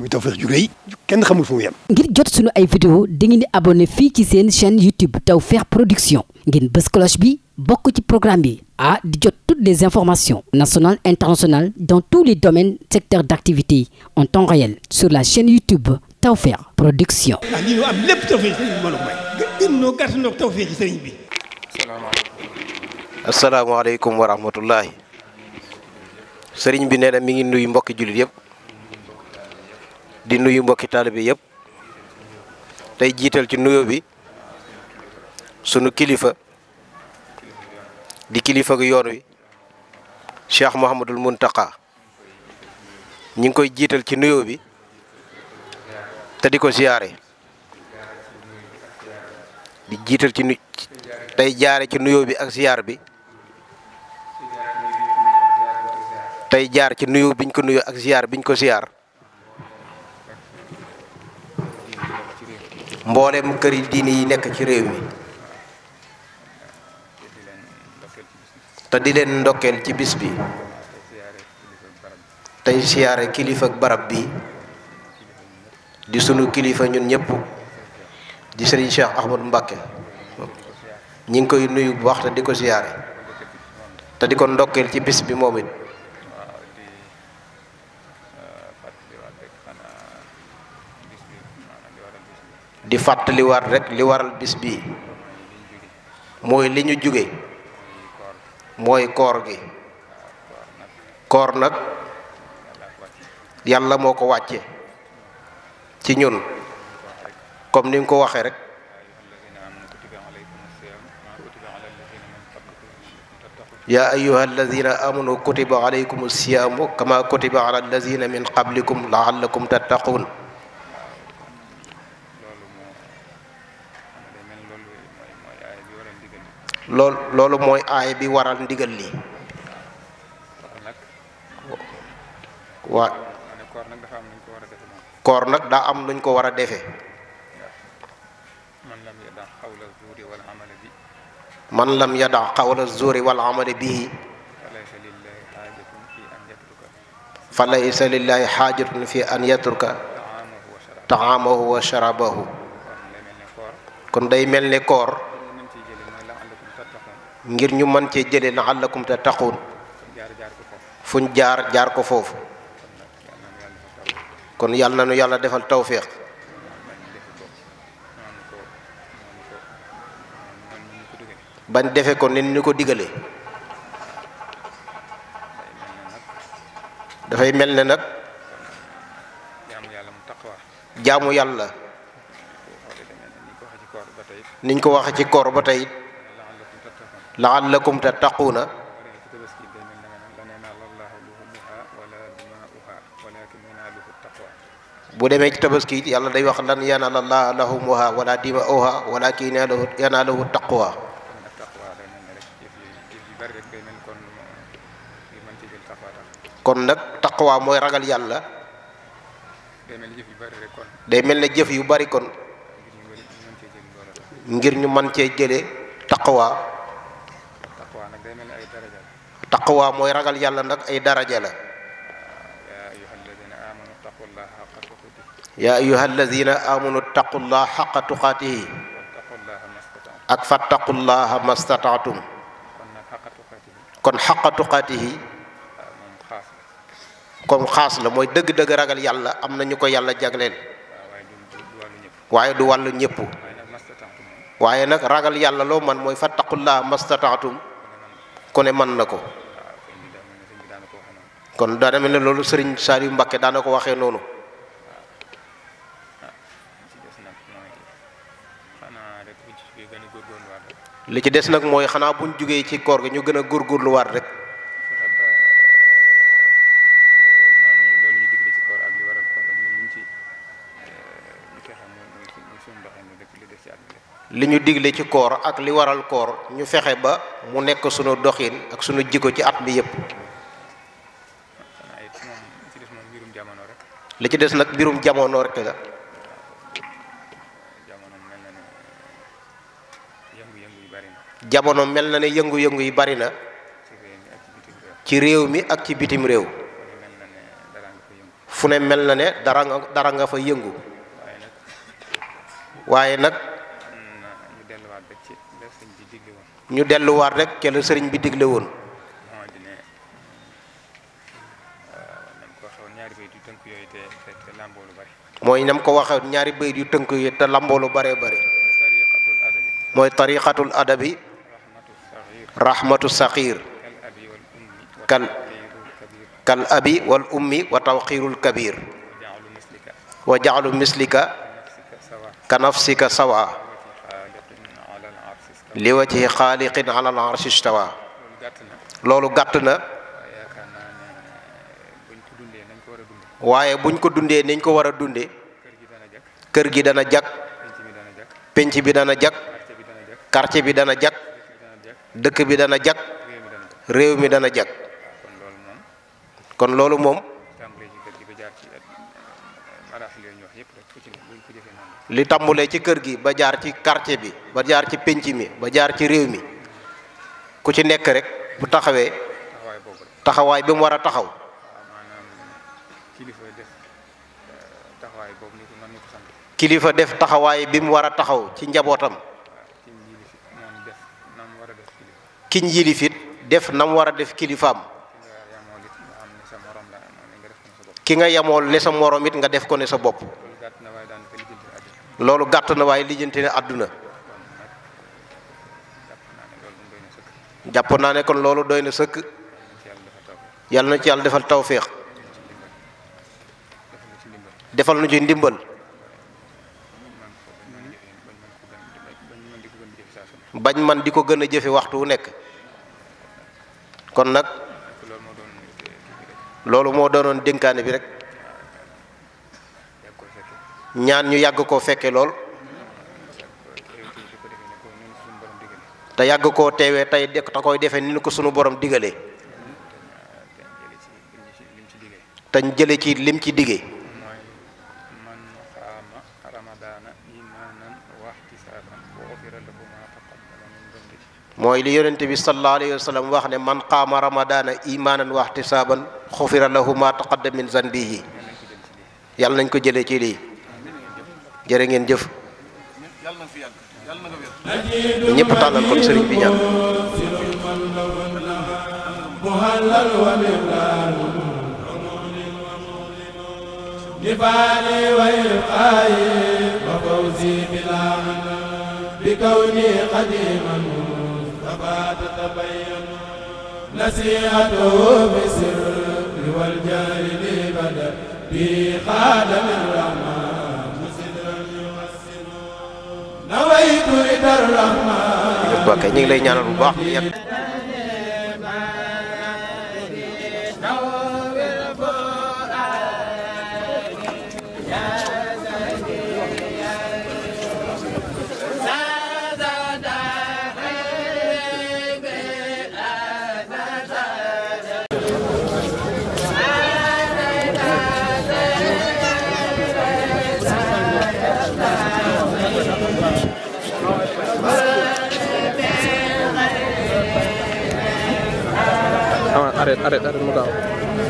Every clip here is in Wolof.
muy Tawfekh ju rëy kenn xamul fu mu yem. ngir jot sunu ay vidéo dangeen di abonné fii ci seen chaîne YouTube Tawfekh Production ngeen bës cloche bi bokk ci programme bi ah di jot toutes des informations national internationales dans tous les domaines secteurs d'activité en temps réel sur la chaîne YouTube Tawfekh Production. ah lii ñu am lépp Tawfekh sëriñ bi mbooloo mooy bi. salaamaaleykum. mi ngi nuyu mbokki jullit yëpp. di nuyu mbokki taalibe yëpp tey jiital ci nuyo bi sunu kilifa di kilifa gi yoon wi Cheikh Mouhamadul Mountakha ñu ngi koy jiital ci nuyo bi te di ko siyaare di jiital ci nu ci nuyo bi ak siyaar bi tey jaar ci nuyo biñ ko nuyo ak siyaar biñ ko siyaar mboolem këri diini yi nekk ci réew mi te di leen ndokkeel ci bis bi tey siyaare kilifa ak barab bi di sunu kilifa ñun ñëpp di sëriñ Cheikh Ahmadou Mbacké ñi ngi koy nuyu bu baax te di ko siyaare te di ko ndokkeel ci bis bi moom it di fàttali war rek li waral bis bii mooy li ñu jóge mooy koor gi koor nag yàlla moo ko wàcce ci ñun comme ni nga ko waxee rek yaa ayuha alladina amanu kutiba alaykum alsiyaamu kama kutiba ala alladina min qablikum laallakum tattaquun lool loolu mooy aay bi waral ndigal lii waa koor nag daa am nuñ ko war a defe man lam yada xawla zuuri wal amali bihi fa laysa lillahi xaajatun fi an yatruka taamahu wa sharabahu kon day mel ni koor ngir ñu mën cee jëlee la'allakum tattaquun fuñ jaar jaar ko foofu kon yàlla na nu yàlla defal tawféex bañ defe ko ni ñu ko diggale dafay mel ne nag jaamu yàlla niñ ko waxe ci koor ba tey la laallakum tattaquuna bu demee ci tabaski yàlla day wax lan yanaala llaaha lahumuhaa wala dimaa'uhaa walaakin yanaaluhu taqwa kon nag taqwa mooy ragal yàlla day mel ne jëf yu bari kon ngir ñu mën cee jële taqwa taqwa mooy ragal yàlla nag ay daraja la yaa ayuha alladina amanu taqullah xaqa tuqaatihi ak fattaqullaha mastataatum kon xaqa tuqaatihi comme xaas la mooy dëgg-dëgg ragal yàlla am na ñu ko yàlla jagleel ah, waaye du wàllu ñëpp waaye nag ragal yàlla loo man mooy fattaqullaha mastataatum kone ne mën na ko kon daa demee ne loolu sëriñ Saliou Mbacké daana ko waxee noonu li ci des nag mooy xanaa buñ jógee ci koor gi ñu gën a góorgóorluwaat rek li ñu digle ci koor ak li waral koor ñu fexe ba mu nekk sunu doxin ak sunu jikko ci at bi yépp li ci des nag mbirum jamono rek la jamono mel na ne yëngu-yëngu yi bari na ci réew mi ak ci bitim réew fu ne mel na ne dara nga dara nga fa yëngu waaye nag ñu delluwaat rek ca sëriñ bi digle woon mooy nam ko waxe ñaari bayit yu tënk yi te lamboolu bare bare mooy tariqatul adabi rahmatu saxiir kal kal abi wal ummi wa tawqiirul kabir wa jaxlu mislika kanafsika sawa li wa ci xaaliqin alal arshi istawa loolu gàtt na waaye buñ ko dundee niñ ko war a dunde kër gi dana jag pénc bi dana jag quartier bi dana jag dëkk bi dana jag réew mi dana jag kon loolu moom li tàmbulee ci kër gi ba jaar ci quartier bi ba jaar ci pénc mi ba jaar ci réew mi ku ci nekk rek bu taxawee taxawaay bi mu war a taxaw kilifa def taxawaay bi mu war a taxaw ci njabootam kiñ yilifit def nam war a def kilifaam ki nga yamool ne sa moroom nga def ko ne sa bopp loolu gàtt na waaye lijjanti na àdduna jàpp naa ne kon loolu doy na sëkk yal na ci yàlla defal tawféex defal nu ci ndimbal bañ man di ko gën a jëfe waxtu wu nekk kon nag loolu moo doonoon dénkaane bi rek ñaan ñu yàgg koo fekke lool te yàgg koo teewee tey de te koy defe ni ko sunu borom digalee te jële ci lim ci digee mooy li yonente bi sallallahu alayhi wa sallam wax ne man qaama ramadaana imaanan wa ihtisaaban xufira lahu ma taqaddama min yi yàlla nañ ko jëlee ci lii jërë ngeen jëf ñëpp tàllal kon sëriñ bi ñaan نبالي ويبقاي وفوزي بلا بكوني قديما ثبات تبين نصيحته بسر والجار لي بدأ بخادم الرحمن ok ñu ngi lay ñaanal bu baax. arrête arrête arrête mu gaaw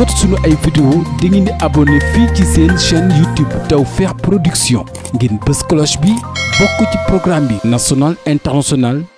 jot suñu ay vidéo di ngeen di abonné fii ci seen chaîne YouTube feex Production ngeen bës cloche bi bokk ci programme bi national international